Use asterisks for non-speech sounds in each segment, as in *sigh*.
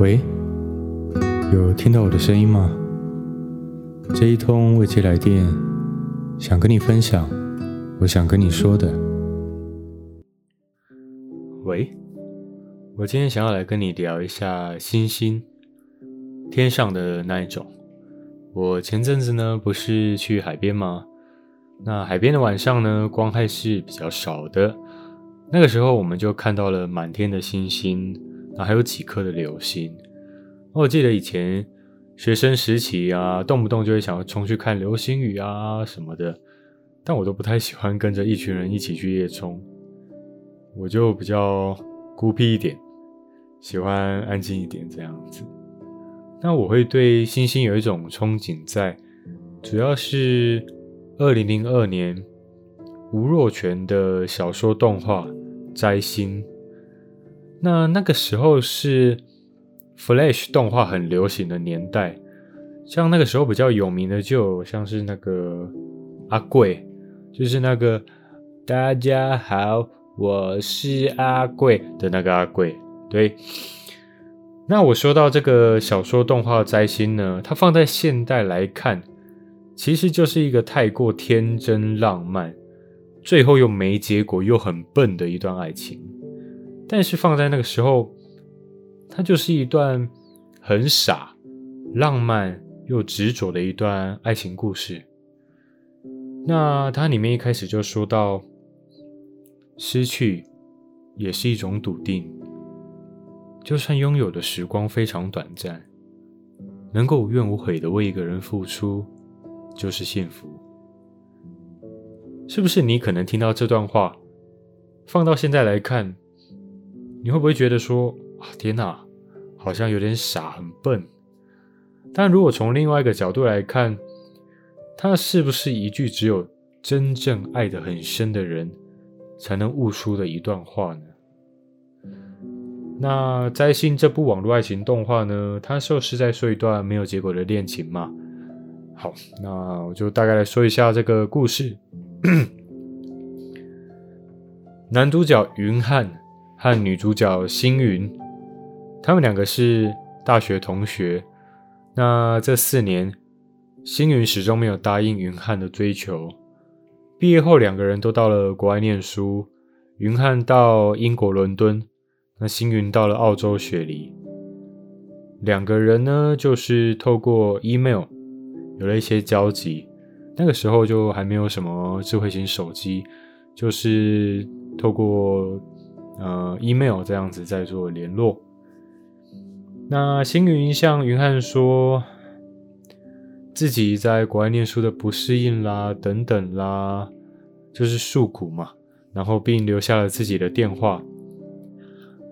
喂，有聽到我的聲音嗎？這一通未接來電，想跟你分享，我想跟你說的。喂，我今天想要來跟你聊一下星星，天上的那一種。我前陣子呢不是去海邊嗎？那海邊的晚上呢，光還是比較少的，那個時候我們就看到了滿天的星星。還有幾顆的流星。我記得以前學生時期啊，動不動就會想要衝去看流星雨啊什麼的，但我都不太喜歡跟着一群人一起去夜衝，我就比較孤僻一點，喜歡安靜一點這樣子。那我會對星星有一種憧憬在，主要是二零零二年吳若權的小說動畫《摘星》。那那個時候是 Flash 動畫很流行的年代，像那個時候比較有名的就像是那個阿貴，就是那個大家好，我是阿貴的那個阿貴。對，那我說到這個小說動畫《摘星》呢，它放在現代來看，其實就是一個太過天真浪漫，最後又沒結果又很笨的一段愛情。但是放在那個時候，它就是一段很傻、浪漫又執着的一段愛情故事。那它裡面一開始就說到，失去也是一種篤定，就算擁有的時光非常短暫，能夠無怨無悔地為一個人付出，就是幸福。是不是你可能聽到這段話，放到現在來看？你會不會覺得說，啊，天哪，好像有點傻，很笨？但如果從另外一個角度來看，他是不是一句只有真正愛得很深的人才能悟出的一段話呢？那《摘星》這部網絡愛情動畫呢？它就是在說一段沒有結果的戀情嘛。好，那我就大概來說一下這個故事。 *coughs* 男主角雲翰。和女主角星雲，他們兩個是大學同學。那這四年，星雲始終沒有答應雲翰的追求。畢業後，兩個人都到了國外念書。雲翰到英國倫敦，那星雲到了澳洲雪梨。兩個人呢，就是透過 email 有了一些交集。那個時候就還沒有什麼智慧型手機，就是透過。呃，email 這樣子在做聯絡。那星雲向雲漢說自己在國外唸書的不適應啦，等等啦，就是訴苦嘛。然後並留下了自己的電話。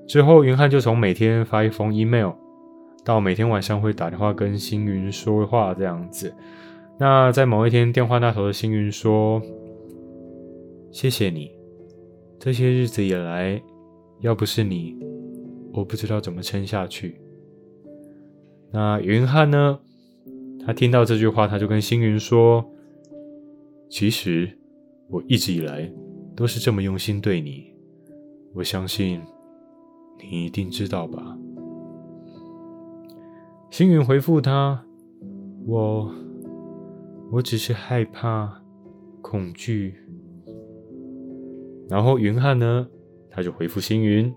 之後，雲漢就從每天發一封 email，到每天晚上會打電話跟星雲說話這樣子。那在某一天，電話那頭的星雲說：“謝謝你這些日子以來。”要不是你，我不知道怎麼撐下去。那雲漢呢？他聽到這句話，他就跟星雲說：“其實我一直以來都是這麼用心對你，我相信你一定知道吧。”星雲回復他：“我我只是害怕，恐懼。”然後雲漢呢？他就回覆星雲：“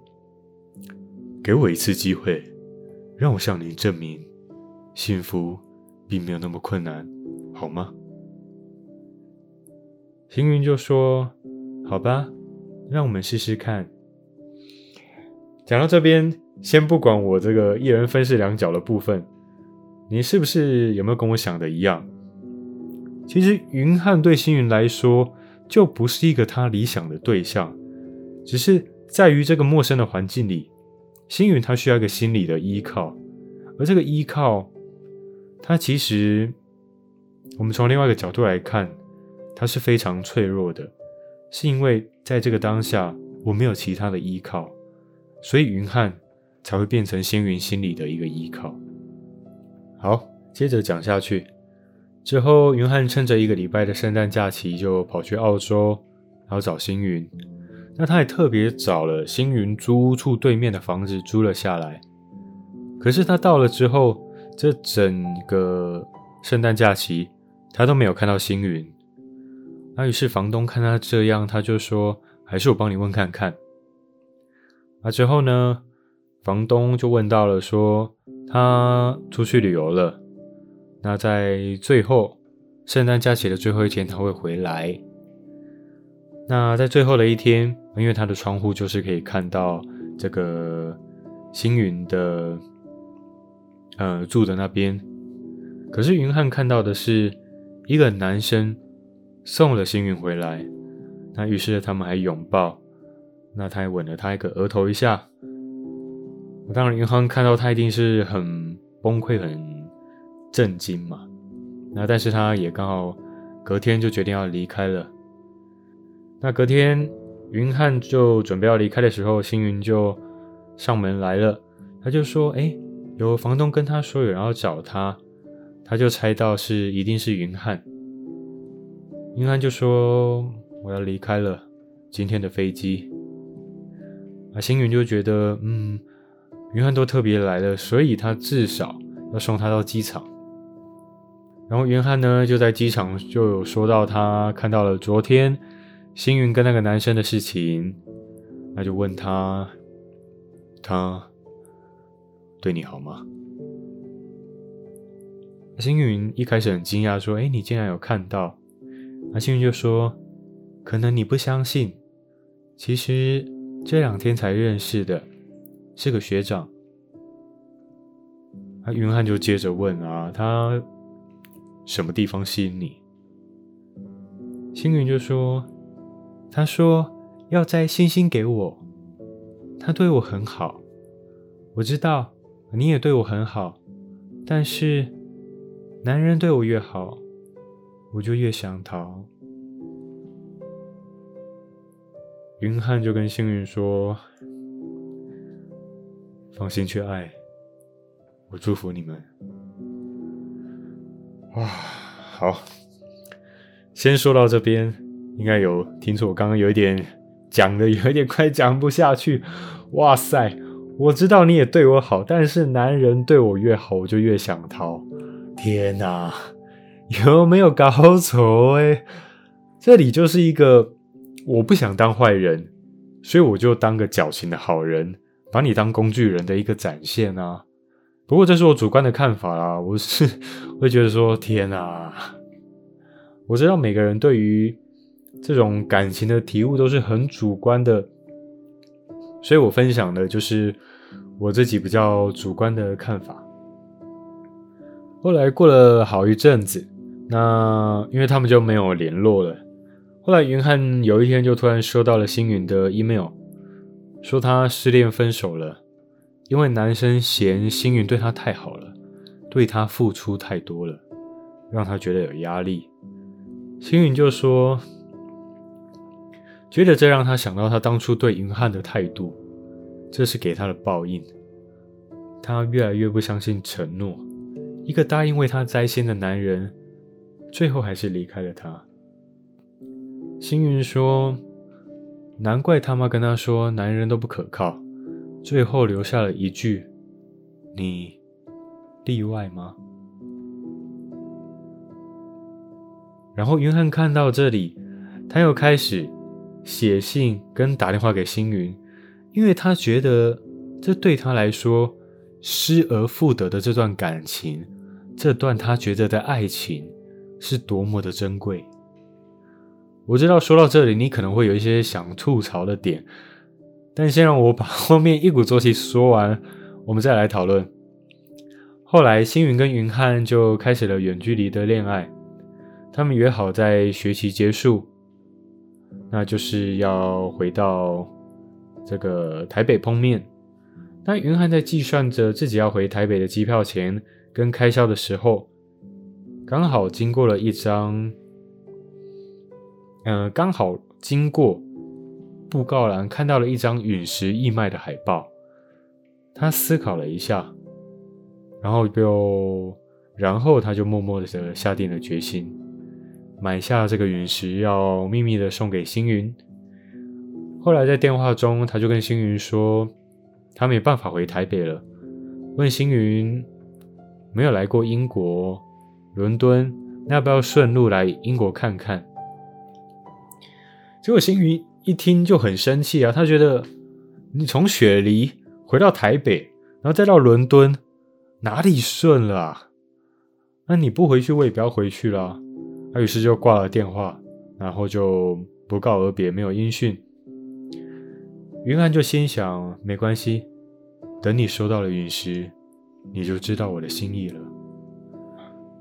給我一次機會，讓我向您證明，幸福並沒有那麼困難，好嗎？”星雲就說：“好吧，讓我們試試看。”講到這邊，先不管我這個一人分飾兩角的部分，你是不是有沒有跟我想的一樣？其實雲漢對星雲來說，就不是一個他理想的對象。只是在於這個陌生的環境裡，星雲它需要一個心理的依靠，而這個依靠，它其實，我們從另外一個角度來看，它是非常脆弱的，是因為在這個當下我沒有其他的依靠，所以雲漢才會變成星雲心裡的一個依靠。好，接着講下去，之後雲漢趁着一個禮拜的聖誕假期就跑去澳洲，然後找星雲。那他也特別找了星云租屋處對面的房子租了下來，可是他到了之後，這整個聖誕假期他都沒有看到星云。那於是房東看他這樣，他就說：“還是我幫你問看看。”那之後呢，房東就問到了，說他出去旅遊了。那在最後，聖誕假期的最後一天他會回來。那在最後的一天，因為他的窗戶就是可以看到這個星雲的，呃，住的那邊。可是雲漢看到的是一個男生送了星雲回來，那於是他們還擁抱，那他還吻了他一個額頭一下。當然，雲漢看到他一定是很崩潰、很震驚嘛。那但是他也剛好隔天就決定要離開了。那隔天，雲翰就準備要離開的時候，星雲就上門來了。他就說：“哎、欸，有房東跟他說有人要找他。”他就猜到是一定是雲翰。雲翰就說：“我要離開了，今天的飛機。”啊，星雲就覺得，嗯，雲翰都特別來了，所以他至少要送他到機場。然後雲翰呢就在機場就有說到他看到了昨天。星雲跟那個男生的事情。那就問他，他對你好嗎？星雲一開始很驚訝，說：“哎，你竟然有看到？”那星雲就說：“可能你不相信，其實這兩天才認識的，是個學長。”那雲漢就接着問啊，他什麼地方吸引你？”星雲就說。他說：“要摘星星給我。”他對我很好，我知道你也對我很好。但是，男人對我越好，我就越想逃。雲漢就跟星雲說：“放心去愛，我祝福你們。”啊，好，先說到這邊。應該有聽出我剛剛有一點講的有一點快，講不下去。哇塞，我知道你也對我好，但是男人對我越好，我就越想逃。天哪、啊，有沒有搞錯哎、欸？這裡就是一個我不想當壞人，所以我就當個矯情的好人，把你當工具人的一個展現啊。不過這是我主觀的看法啦，我是會覺得說天哪、啊，我知道每個人對於。這種感情的體悟都是很主觀的，所以我分享的就是我自己比較主觀的看法。後來過了好一陣子，那因為他們就沒有聯絡了。後來雲翰有一天就突然收到了星雲的 email，說他失戀分手了，因為男生嫌星雲對他太好了，對他付出太多了，讓他覺得有壓力。星雲就說，覺得這讓他想到他當初對雲漢的態度，這是給他的報應。他越來越不相信承諾，一個答應為他摘星的男人，最後還是離開了他。星雲說：“難怪他媽跟他說，男人都不可靠，最後留下了一句：你例外嗎？”然後雲漢看到這裡，他又開始。寫信跟打電話給星雲，因為他覺得這對他來說失而復得的這段感情，這段他覺得的愛情是多麼的珍貴。我知道說到這裡你可能會有一些想吐槽的點，但先讓我把後面一鼓作氣說完，我們再來討論。後來，星雲跟雲漢就開始了遠距離的戀愛，他們約好在學期結束，那就是要回到這個台北碰面。當雲翰在計算着自己要回台北的機票錢跟開銷的時候，剛好經過了一張，嗯、呃，剛好經過布告欄，看到了一張隕石義賣的海報。他思考了一下，然後就，然後他就默默的下定了決心。買下這個隕石，要秘密的送給星雲。後來在電話中，他就跟星雲說，他沒辦法回台北了，問星雲沒有來過英國倫敦，那要不要順路來英國看看？結果星雲一聽就很生氣啊，他覺得你從雪梨回到台北，然後再到倫敦，哪裡順了啊？那，啊，你不回去，我也不要回去啦。他於是就掛了電話，然後就不告而別，沒有音訊。雲漢就心想：沒關係，等你收到了隕石，你就知道我的心意了。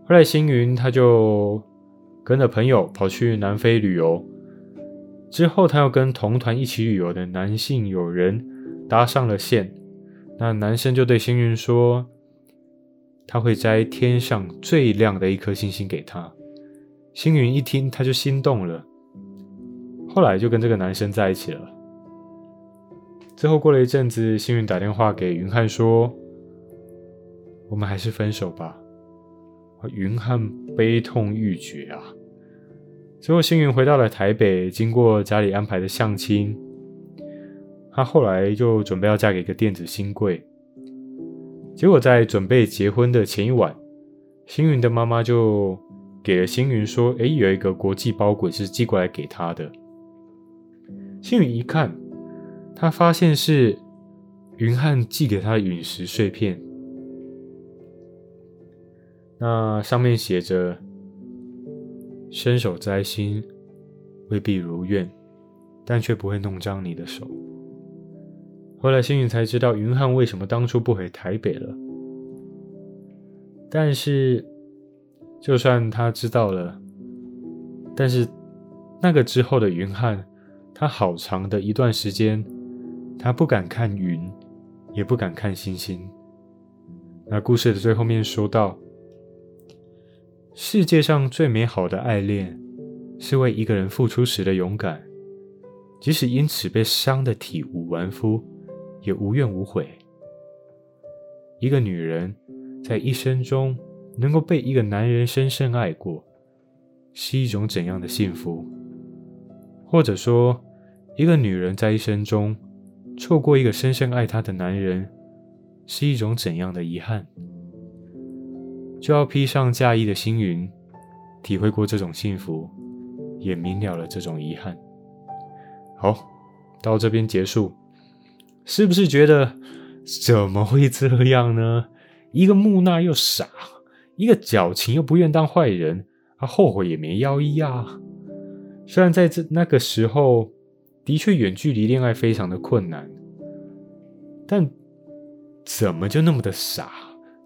後來，星雲他就跟着朋友跑去南非旅遊，之後他又跟同團一起旅遊的男性友人搭上了線。那男生就對星雲說：“他會摘天上最亮的一顆星星給他。”星雲一聽，他就心動了，後來就跟這個男生在一起了。之後過了一陣子，星雲打電話給雲漢說：“我們還是分手吧。”雲漢悲痛欲絕啊。之後星雲回到了台北，經過家裡安排的相親，他後來就準備要嫁給一個電子新貴。結果在準備結婚的前一晚，星雲的媽媽就。給了星雲說：“哎，有一個國際包裹是寄過來給他的。”星雲一看，他發現是雲漢寄給他的隕石碎片。那上面寫着：“伸手摘星，未必如願，但卻不會弄髒你的手。”後來星雲才知道雲漢為什麼當初不回台北了。但是。就算他知道了，但是那個之後的雲漢，他好長的一段時間，他不敢看雲，也不敢看星星。那故事的最後面說道，世界上最美好的愛戀，是為一個人付出時的勇敢，即使因此被傷得體無完膚，也無怨無悔。一個女人在一生中。能夠被一個男人深深愛過，是一種怎樣的幸福？或者說，一個女人在一生中錯過一個深深愛她的男人，是一種怎樣的遺憾？就要披上嫁衣的星雲，體會過這種幸福，也明了了這種遺憾。好，到這邊結束，是不是覺得怎麼會這樣呢？一個木訥又傻，一個矯情又不願當壞人，他、啊、後悔也沒藥醫啊。雖然在這那個時候，的確遠距離戀愛非常的困難，但怎麼就那麼的傻？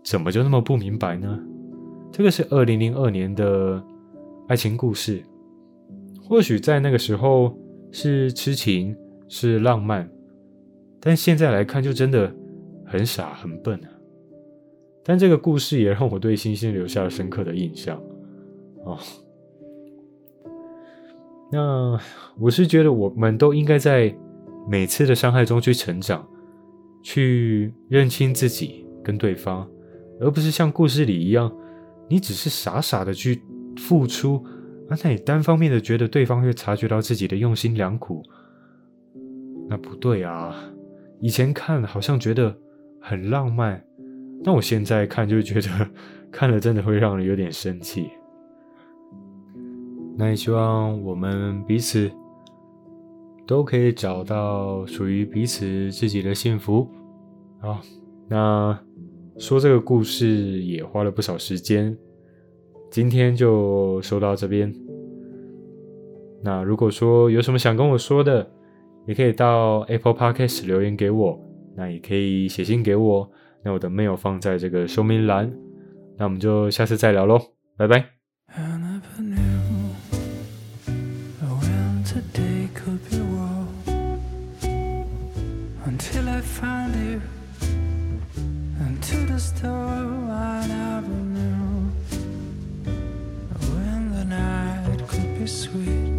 怎麼就那麼不明白呢？這個是二零零二年的愛情故事，或許在那個時候是痴情是浪漫，但現在來看就真的很傻很笨啊。但這個故事也讓我對星星留下了深刻的印象哦。那我是覺得我們都應該在每次的傷害中去成長，去認清自己跟對方，而不是像故事裡一樣，你只是傻傻的去付出，而且你單方面的覺得對方會察覺到自己的用心良苦，那不對啊！以前看好像覺得很浪漫。那我現在看就覺得，看了真的會讓人有點生氣。那也希望我們彼此都可以找到屬於彼此自己的幸福。好，那說這個故事也花了不少時間，今天就說到這邊。那如果說有什麼想跟我說的，也可以到 Apple Podcast 留言給我，那也可以寫信給我。那我的 mail 放在這個說明欄，那我們就下次再聊嘍，拜拜。 *music*